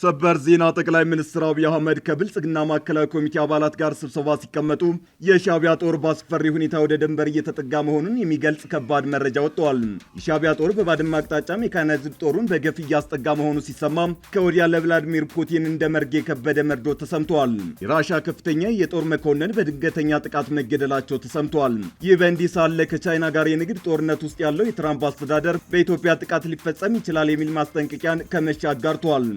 ሰበር ዜና ጠቅላይ ሚኒስትር አብይ አህመድ ከብልጽግና ማዕከላዊ ኮሚቴ አባላት ጋር ስብሰባ ሲቀመጡ የሻቢያ ጦር በአስፈሪ ሁኔታ ወደ ድንበር እየተጠጋ መሆኑን የሚገልጽ ከባድ መረጃ ወጥተዋል። የሻቢያ ጦር በባድመ አቅጣጫ ሜካናይዝድ ጦሩን በገፍ እያስጠጋ መሆኑ ሲሰማ ከወዲያ ለቭላዲሚር ፑቲን እንደ መርግ የከበደ መርዶ ተሰምተዋል። የራሻ ከፍተኛ የጦር መኮንን በድንገተኛ ጥቃት መገደላቸው ተሰምተዋል። ይህ በእንዲህ ሳለ ከቻይና ጋር የንግድ ጦርነት ውስጥ ያለው የትራምፕ አስተዳደር በኢትዮጵያ ጥቃት ሊፈጸም ይችላል የሚል ማስጠንቀቂያን ከመሻ አጋርተዋል።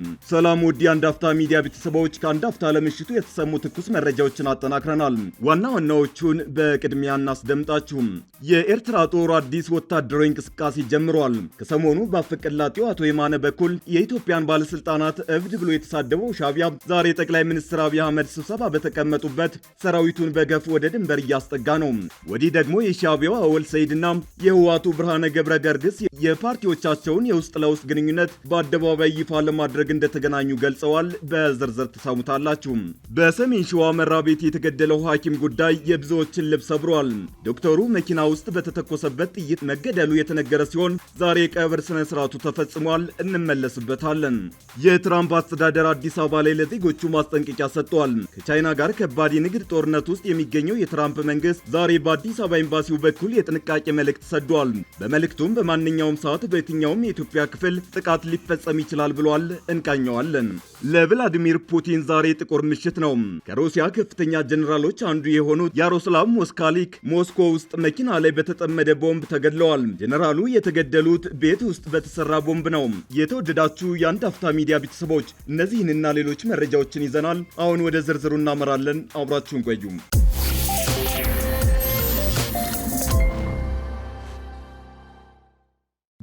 ሰላም ውድ የአንዳፍታ ሚዲያ ቤተሰቦች፣ ከአንዳፍታ ለምሽቱ የተሰሙ ትኩስ መረጃዎችን አጠናክረናል። ዋና ዋናዎቹን በቅድሚያ እናስደምጣችሁም። የኤርትራ ጦር አዲስ ወታደራዊ እንቅስቃሴ ጀምሯል። ከሰሞኑ በአፈቀላጤው አቶ የማነ በኩል የኢትዮጵያን ባለስልጣናት እብድ ብሎ የተሳደበው ሻቢያ ዛሬ ጠቅላይ ሚኒስትር አብይ አህመድ ስብሰባ በተቀመጡበት ሰራዊቱን በገፍ ወደ ድንበር እያስጠጋ ነው። ወዲህ ደግሞ የሻቢያው አወል ሰይድና የህዋቱ ብርሃነ ገብረ ገርግስ የፓርቲዎቻቸውን የውስጥ ለውስጥ ግንኙነት በአደባባይ ይፋ ለማድረግ እንደተገናኙ ተንታኙ ገልጸዋል። በዝርዝር ትሰሙታላችሁ። በሰሜን ሸዋ ቤት የተገደለው ሐኪም ጉዳይ የብዙዎችን ልብ ሰብሯል። ዶክተሩ መኪና ውስጥ በተተኮሰበት ጥይት መገደሉ የተነገረ ሲሆን ዛሬ ቀብር ስነ ስርዓቱ ተፈጽሟል። እንመለስበታለን። የትራምፕ አስተዳደር አዲስ አበባ ላይ ለዜጎቹ ማስጠንቀቂያ ሰጥቷል። ከቻይና ጋር ከባድ የንግድ ጦርነት ውስጥ የሚገኘው የትራምፕ መንግስት ዛሬ በአዲስ አበባ ኤምባሲው በኩል የጥንቃቄ መልእክት ሰዷል። በመልእክቱም በማንኛውም ሰዓት በየትኛውም የኢትዮጵያ ክፍል ጥቃት ሊፈጸም ይችላል ብሏል። እንቃኘዋለን። እናቀርባለን። ለቭላዲሚር ፑቲን ዛሬ ጥቁር ምሽት ነው። ከሩሲያ ከፍተኛ ጀኔራሎች አንዱ የሆኑት ያሮስላቭ ሞስካሊክ ሞስኮ ውስጥ መኪና ላይ በተጠመደ ቦምብ ተገድለዋል። ጀኔራሉ የተገደሉት ቤት ውስጥ በተሰራ ቦምብ ነው። የተወደዳችሁ የአንድ አፍታ ሚዲያ ቤተሰቦች እነዚህንና ሌሎች መረጃዎችን ይዘናል። አሁን ወደ ዝርዝሩ እናመራለን። አብራችሁን ቆዩም።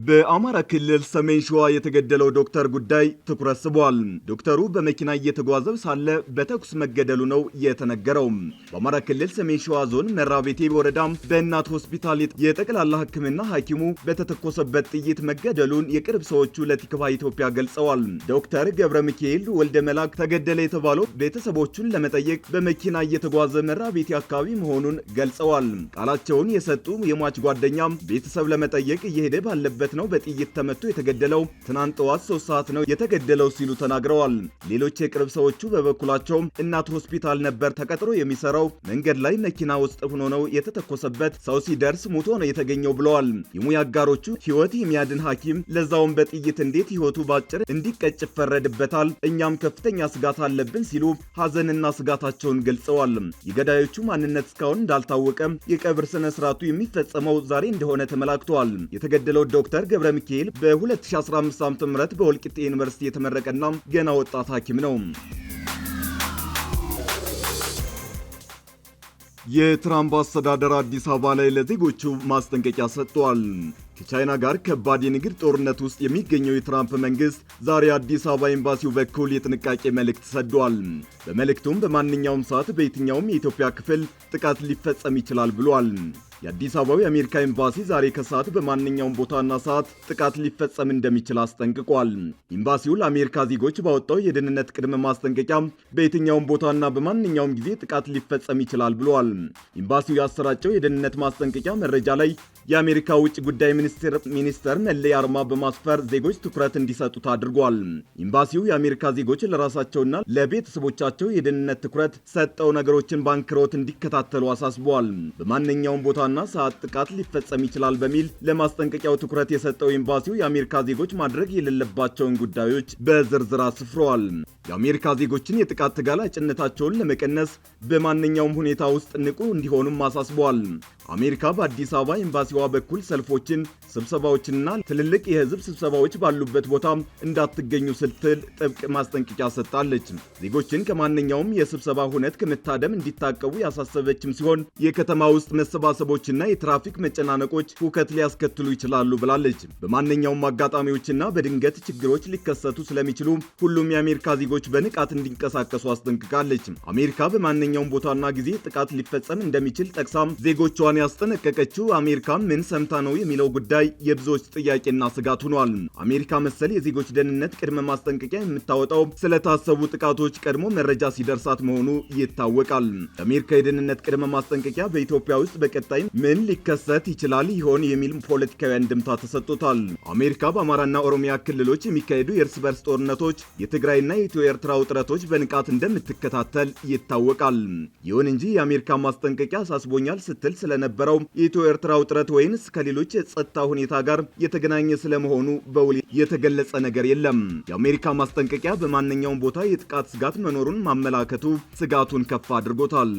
በአማራ ክልል ሰሜን ሸዋ የተገደለው ዶክተር ጉዳይ ትኩረት ስቧል። ዶክተሩ በመኪና እየተጓዘ ሳለ በተኩስ መገደሉ ነው የተነገረው። በአማራ ክልል ሰሜን ሸዋ ዞን መራቤቴ ወረዳም በእናት ሆስፒታል የጠቅላላ ሕክምና ሐኪሙ በተተኮሰበት ጥይት መገደሉን የቅርብ ሰዎቹ ለቲክቫህ ኢትዮጵያ ገልጸዋል። ዶክተር ገብረ ሚካኤል ወልደ መላክ ተገደለ የተባለው ቤተሰቦቹን ለመጠየቅ በመኪና እየተጓዘ መራቤቴ አካባቢ መሆኑን ገልጸዋል። ቃላቸውን የሰጡ የሟች ጓደኛም ቤተሰብ ለመጠየቅ እየሄደ ባለበት ነው በጥይት ተመቶ የተገደለው። ትናንት ጠዋት ሶስት ሰዓት ነው የተገደለው ሲሉ ተናግረዋል። ሌሎች የቅርብ ሰዎቹ በበኩላቸው እናት ሆስፒታል ነበር ተቀጥሮ የሚሰራው፣ መንገድ ላይ መኪና ውስጥ ሆኖ ነው የተተኮሰበት፣ ሰው ሲደርስ ሞቶ ነው የተገኘው ብለዋል። የሙያ አጋሮቹ ሕይወት የሚያድን ሐኪም ለዛውን በጥይት እንዴት ሕይወቱ በአጭር እንዲቀጭ ይፈረድበታል፣ እኛም ከፍተኛ ስጋት አለብን ሲሉ ሀዘንና ስጋታቸውን ገልጸዋል። የገዳዮቹ ማንነት እስካሁን እንዳልታወቀም የቀብር ስነ ስርዓቱ የሚፈጸመው ዛሬ እንደሆነ ተመላክቷል። የተገደለው ዶክተር ገብረ ሚካኤል በ2015 ዓ.ም ም በወልቂጤ ዩኒቨርሲቲ የተመረቀና ገና ወጣት ሐኪም ነው። የትራምፕ አስተዳደር አዲስ አበባ ላይ ለዜጎቹ ማስጠንቀቂያ ሰጥቷል። ከቻይና ጋር ከባድ የንግድ ጦርነት ውስጥ የሚገኘው የትራምፕ መንግስት ዛሬ አዲስ አበባ ኤምባሲው በኩል የጥንቃቄ መልእክት ሰዷል። በመልእክቱም በማንኛውም ሰዓት በየትኛውም የኢትዮጵያ ክፍል ጥቃት ሊፈጸም ይችላል ብሏል። የአዲስ አበባው የአሜሪካ ኤምባሲ ዛሬ ከሰዓት በማንኛውም ቦታና ሰዓት ጥቃት ሊፈጸም እንደሚችል አስጠንቅቋል። ኤምባሲው ለአሜሪካ ዜጎች ባወጣው የደህንነት ቅድመ ማስጠንቀቂያ በየትኛውም ቦታና በማንኛውም ጊዜ ጥቃት ሊፈጸም ይችላል ብሏል። ኤምባሲው ያሰራጨው የደህንነት ማስጠንቀቂያ መረጃ ላይ የአሜሪካ ውጭ ጉዳይ ሚኒስቴር ሚኒስተር መለያ አርማ በማስፈር ዜጎች ትኩረት እንዲሰጡት አድርጓል። ኤምባሲው የአሜሪካ ዜጎች ለራሳቸውና ለቤተሰቦቻቸው የደህንነት ትኩረት ሰጠው ነገሮችን ባንክሮት እንዲከታተሉ አሳስቧል። በማንኛውም ቦታና ሰዓት ጥቃት ሊፈጸም ይችላል በሚል ለማስጠንቀቂያው ትኩረት የሰጠው ኤምባሲው የአሜሪካ ዜጎች ማድረግ የሌለባቸውን ጉዳዮች በዝርዝር አስፍረዋል። የአሜሪካ ዜጎችን የጥቃት ተጋላጭነታቸውን ለመቀነስ በማንኛውም ሁኔታ ውስጥ ንቁ እንዲሆኑም አሳስቧል። አሜሪካ በአዲስ አበባ ኤምባሲዋ በኩል ሰልፎችን፣ ስብሰባዎችና ትልልቅ የህዝብ ስብሰባዎች ባሉበት ቦታ እንዳትገኙ ስትል ጥብቅ ማስጠንቀቂያ ሰጥታለች። ዜጎችን ከማንኛውም የስብሰባ ሁነት ከመታደም እንዲታቀቡ ያሳሰበችም ሲሆን የከተማ ውስጥ መሰባሰቦችና የትራፊክ መጨናነቆች ሁከት ሊያስከትሉ ይችላሉ ብላለች። በማንኛውም አጋጣሚዎችና በድንገት ችግሮች ሊከሰቱ ስለሚችሉ ሁሉም የአሜሪካ ዜጎች በንቃት እንዲንቀሳቀሱ አስጠንቅቃለች። አሜሪካ በማንኛውም ቦታና ጊዜ ጥቃት ሊፈጸም እንደሚችል ጠቅሳም ዜጎቿን አሜሪካን ያስጠነቀቀችው አሜሪካ ምን ሰምታ ነው የሚለው ጉዳይ የብዙዎች ጥያቄና ስጋት ሆኗል። አሜሪካ መሰል የዜጎች ደህንነት ቅድመ ማስጠንቀቂያ የምታወጣው ስለታሰቡ ጥቃቶች ቀድሞ መረጃ ሲደርሳት መሆኑ ይታወቃል። የአሜሪካ የደህንነት ቅድመ ማስጠንቀቂያ በኢትዮጵያ ውስጥ በቀጣይ ምን ሊከሰት ይችላል ይሆን የሚል ፖለቲካዊ አንድምታ ተሰጥቶታል። አሜሪካ በአማራና ኦሮሚያ ክልሎች የሚካሄዱ የእርስ በርስ ጦርነቶች፣ የትግራይና የኢትዮ ኤርትራ ውጥረቶች በንቃት እንደምትከታተል ይታወቃል። ይሁን እንጂ የአሜሪካ ማስጠንቀቂያ አሳስቦኛል ስትል ስለነበ የነበረው የኢትዮ ኤርትራ ውጥረት ወይንስ ከሌሎች የጸጥታ ሁኔታ ጋር የተገናኘ ስለመሆኑ በውል የተገለጸ ነገር የለም። የአሜሪካ ማስጠንቀቂያ በማንኛውም ቦታ የጥቃት ስጋት መኖሩን ማመላከቱ ስጋቱን ከፍ አድርጎታል።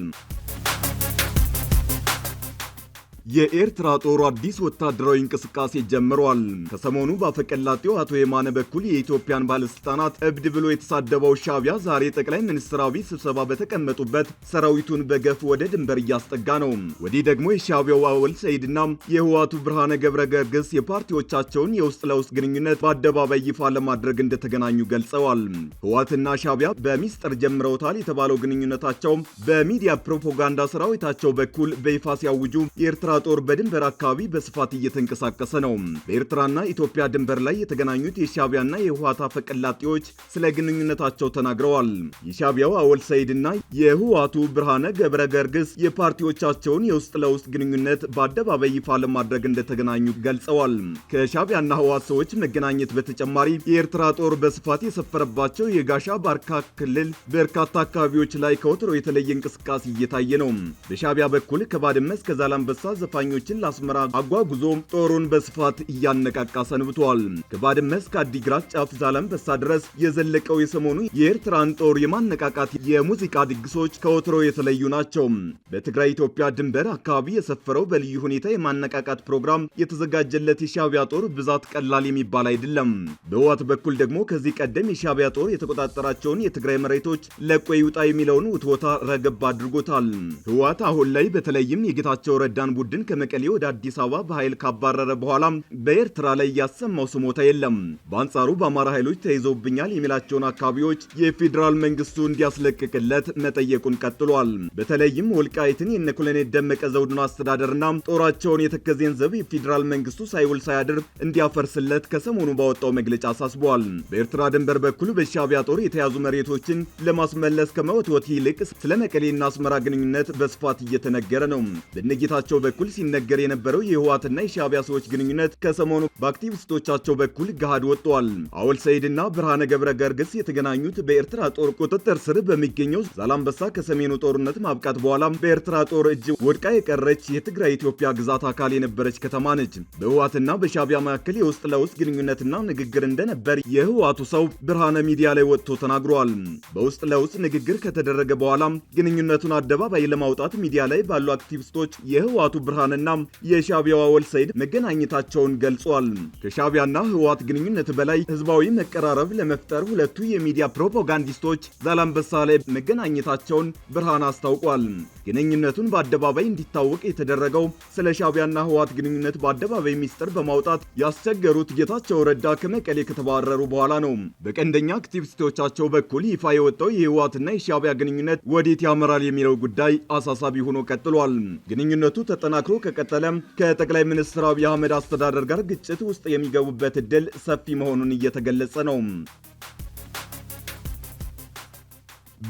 የኤርትራ ጦሩ አዲስ ወታደራዊ እንቅስቃሴ ጀምሯል። ከሰሞኑ በአፈቀላጤው አቶ የማነ በኩል የኢትዮጵያን ባለስልጣናት እብድ ብሎ የተሳደበው ሻቢያ ዛሬ ጠቅላይ ሚኒስትር አብይ ስብሰባ በተቀመጡበት ሰራዊቱን በገፍ ወደ ድንበር እያስጠጋ ነው። ወዲህ ደግሞ የሻቢያው አወል ሰይድና የህዋቱ ብርሃነ ገብረ ገርግስ የፓርቲዎቻቸውን የውስጥ ለውስጥ ግንኙነት በአደባባይ ይፋ ለማድረግ እንደተገናኙ ገልጸዋል። ህዋትና ሻቢያ በሚስጥር ጀምረውታል የተባለው ግንኙነታቸው በሚዲያ ፕሮፓጋንዳ ሰራዊታቸው በኩል በይፋ ሲያውጁ የኤርትራ ጦር በድንበር አካባቢ በስፋት እየተንቀሳቀሰ ነው። በኤርትራና ኢትዮጵያ ድንበር ላይ የተገናኙት የሻቢያና የህወሓት አፈቀላጤዎች ስለ ግንኙነታቸው ተናግረዋል። የሻቢያው አወል ሰይድና የህወሓቱ ብርሃነ ገብረ ገርግስ የፓርቲዎቻቸውን የውስጥ ለውስጥ ግንኙነት በአደባባይ ይፋ ለማድረግ እንደተገናኙ ገልጸዋል። ከሻቢያና ህወሓት ሰዎች መገናኘት በተጨማሪ የኤርትራ ጦር በስፋት የሰፈረባቸው የጋሻ ባርካ ክልል በርካታ አካባቢዎች ላይ ከወትሮ የተለየ እንቅስቃሴ እየታየ ነው። በሻቢያ በኩል ከባድመ እስከ ዛላንበሳ ዘፋኞችን ለአስመራ አጓጉዞ ጦሩን በስፋት እያነቃቃ ሰንብቷል። ከባድመ እስከ አዲግራት ጫፍ ዛላምበሳ ድረስ የዘለቀው የሰሞኑ የኤርትራን ጦር የማነቃቃት የሙዚቃ ድግሶች ከወትሮ የተለዩ ናቸው። በትግራይ ኢትዮጵያ ድንበር አካባቢ የሰፈረው በልዩ ሁኔታ የማነቃቃት ፕሮግራም የተዘጋጀለት የሻቢያ ጦር ብዛት ቀላል የሚባል አይደለም። በህወሓት በኩል ደግሞ ከዚህ ቀደም የሻቢያ ጦር የተቆጣጠራቸውን የትግራይ መሬቶች ለቆ ይውጣ የሚለውን ውትወታ ረገብ አድርጎታል። ህወሓት አሁን ላይ በተለይም የጌታቸው ረዳን ቡድን ኃይሎችን ከመቀሌ ወደ አዲስ አበባ በኃይል ካባረረ በኋላ በኤርትራ ላይ ያሰማው ስሞታ የለም። በአንጻሩ በአማራ ኃይሎች ተይዘውብኛል የሚላቸውን አካባቢዎች የፌዴራል መንግስቱ እንዲያስለቅቅለት መጠየቁን ቀጥሏል። በተለይም ወልቃይትን የነ ኮሎኔል ደመቀ ዘውዱን አስተዳደርና ጦራቸውን የተከዜን ዘብ የፌዴራል መንግስቱ ሳይውል ሳያድር እንዲያፈርስለት ከሰሞኑ ባወጣው መግለጫ አሳስቧል። በኤርትራ ድንበር በኩል በሻቢያ ጦር የተያዙ መሬቶችን ለማስመለስ ከመወትወት ይልቅ ስለ መቀሌና አስመራ ግንኙነት በስፋት እየተነገረ ነው። በነጌታቸው በኩል በኩል ሲነገር የነበረው የህወሓትና የሻቢያ ሰዎች ግንኙነት ከሰሞኑ በአክቲቪስቶቻቸው በኩል ገሃድ ወጥቷል። አወል ሰይድና ብርሃነ ገብረ ገርግስ የተገናኙት በኤርትራ ጦር ቁጥጥር ስር በሚገኘው ዛላምበሳ ከሰሜኑ ጦርነት ማብቃት በኋላ በኤርትራ ጦር እጅ ወድቃ የቀረች የትግራይ ኢትዮጵያ ግዛት አካል የነበረች ከተማ ነች። በህወሓትና በሻቢያ መካከል የውስጥ ለውስጥ ግንኙነትና ንግግር እንደነበር የህወሓቱ ሰው ብርሃነ ሚዲያ ላይ ወጥቶ ተናግሯል። በውስጥ ለውስጥ ንግግር ከተደረገ በኋላ ግንኙነቱን አደባባይ ለማውጣት ሚዲያ ላይ ባሉ አክቲቪስቶች የህወሓቱ ብርሃንና የሻቢያዋ ወልሰይድ መገናኘታቸውን ገልጿል። ከሻቢያና ህወሓት ግንኙነት በላይ ህዝባዊ መቀራረብ ለመፍጠር ሁለቱ የሚዲያ ፕሮፓጋንዲስቶች ዛላምበሳ ላይ መገናኘታቸውን ብርሃን አስታውቋል። ግንኙነቱን በአደባባይ እንዲታወቅ የተደረገው ስለ ሻቢያና ህወሓት ግንኙነት በአደባባይ ሚስጥር በማውጣት ያስቸገሩት ጌታቸው ረዳ ከመቀሌ ከተባረሩ በኋላ ነው። በቀንደኛ አክቲቪስቶቻቸው በኩል ይፋ የወጣው የህወሓትና የሻቢያ ግንኙነት ወዴት ያመራል የሚለው ጉዳይ አሳሳቢ ሆኖ ቀጥሏል። ግንኙነቱ ተጠና ተጠናክሮ ከቀጠለ ከጠቅላይ ሚኒስትር አብይ አህመድ አስተዳደር ጋር ግጭት ውስጥ የሚገቡበት እድል ሰፊ መሆኑን እየተገለጸ ነው።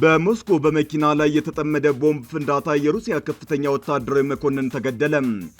በሞስኮ በመኪና ላይ የተጠመደ ቦምብ ፍንዳታ የሩሲያ ከፍተኛ ወታደራዊ መኮንን ተገደለ።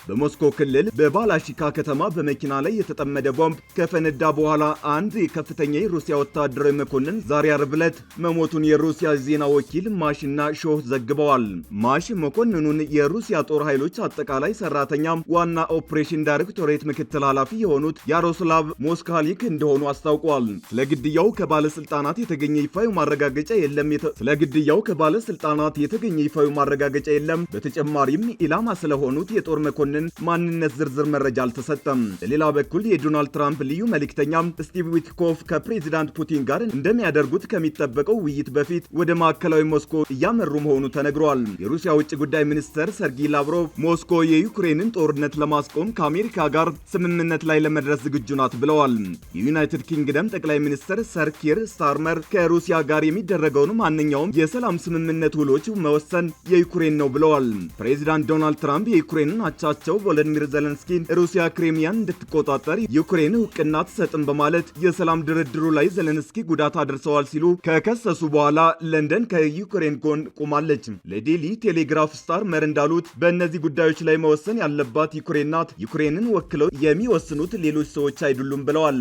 በሞስኮ ክልል በባላሺካ ከተማ በመኪና ላይ የተጠመደ ቦምብ ከፈነዳ በኋላ አንድ ከፍተኛ የሩሲያ ወታደራዊ መኮንን ዛሬ አርብ ዕለት መሞቱን የሩሲያ ዜና ወኪል ማሽና ሾህ ዘግበዋል። ማሽ መኮንኑን የሩሲያ ጦር ኃይሎች አጠቃላይ ሰራተኛ ዋና ኦፕሬሽን ዳይሬክቶሬት ምክትል ኃላፊ የሆኑት ያሮስላቭ ሞስካሊክ እንደሆኑ አስታውቋል። ስለግድያው ከባለስልጣናት የተገኘ ይፋዊ ማረጋገጫ የለም። ስለ ግድያው ከባለስልጣናት የተገኘ ይፋዊ ማረጋገጫ የለም። በተጨማሪም ኢላማ ስለሆኑት የጦር መኮንን ማንነት ዝርዝር መረጃ አልተሰጠም። በሌላ በኩል የዶናልድ ትራምፕ ልዩ መልእክተኛ ስቲቭ ዊትኮፍ ከፕሬዚዳንት ፑቲን ጋር እንደሚያደርጉት ከሚጠበቀው ውይይት በፊት ወደ ማዕከላዊ ሞስኮ እያመሩ መሆኑ ተነግሯል። የሩሲያ ውጭ ጉዳይ ሚኒስትር ሰርጌይ ላቭሮቭ ሞስኮ የዩክሬንን ጦርነት ለማስቆም ከአሜሪካ ጋር ስምምነት ላይ ለመድረስ ዝግጁ ናት ብለዋል። የዩናይትድ ኪንግደም ጠቅላይ ሚኒስትር ሰር ኪር ስታርመር ከሩሲያ ጋር የሚደረገውን ማንኛ ማንኛውም የሰላም ስምምነት ውሎች መወሰን የዩክሬን ነው ብለዋል። ፕሬዚዳንት ዶናልድ ትራምፕ የዩክሬንን አቻቸው ቮሎዲሚር ዘለንስኪ ሩሲያ ክሬሚያን እንድትቆጣጠር ዩክሬን እውቅና አትሰጥም በማለት የሰላም ድርድሩ ላይ ዘለንስኪ ጉዳት አድርሰዋል ሲሉ ከከሰሱ በኋላ ለንደን ከዩክሬን ጎን ቆማለች። ለዴሊ ቴሌግራፍ ስታር መር እንዳሉት በእነዚህ ጉዳዮች ላይ መወሰን ያለባት ዩክሬን ናት። ዩክሬንን ወክለው የሚወስኑት ሌሎች ሰዎች አይደሉም ብለዋል።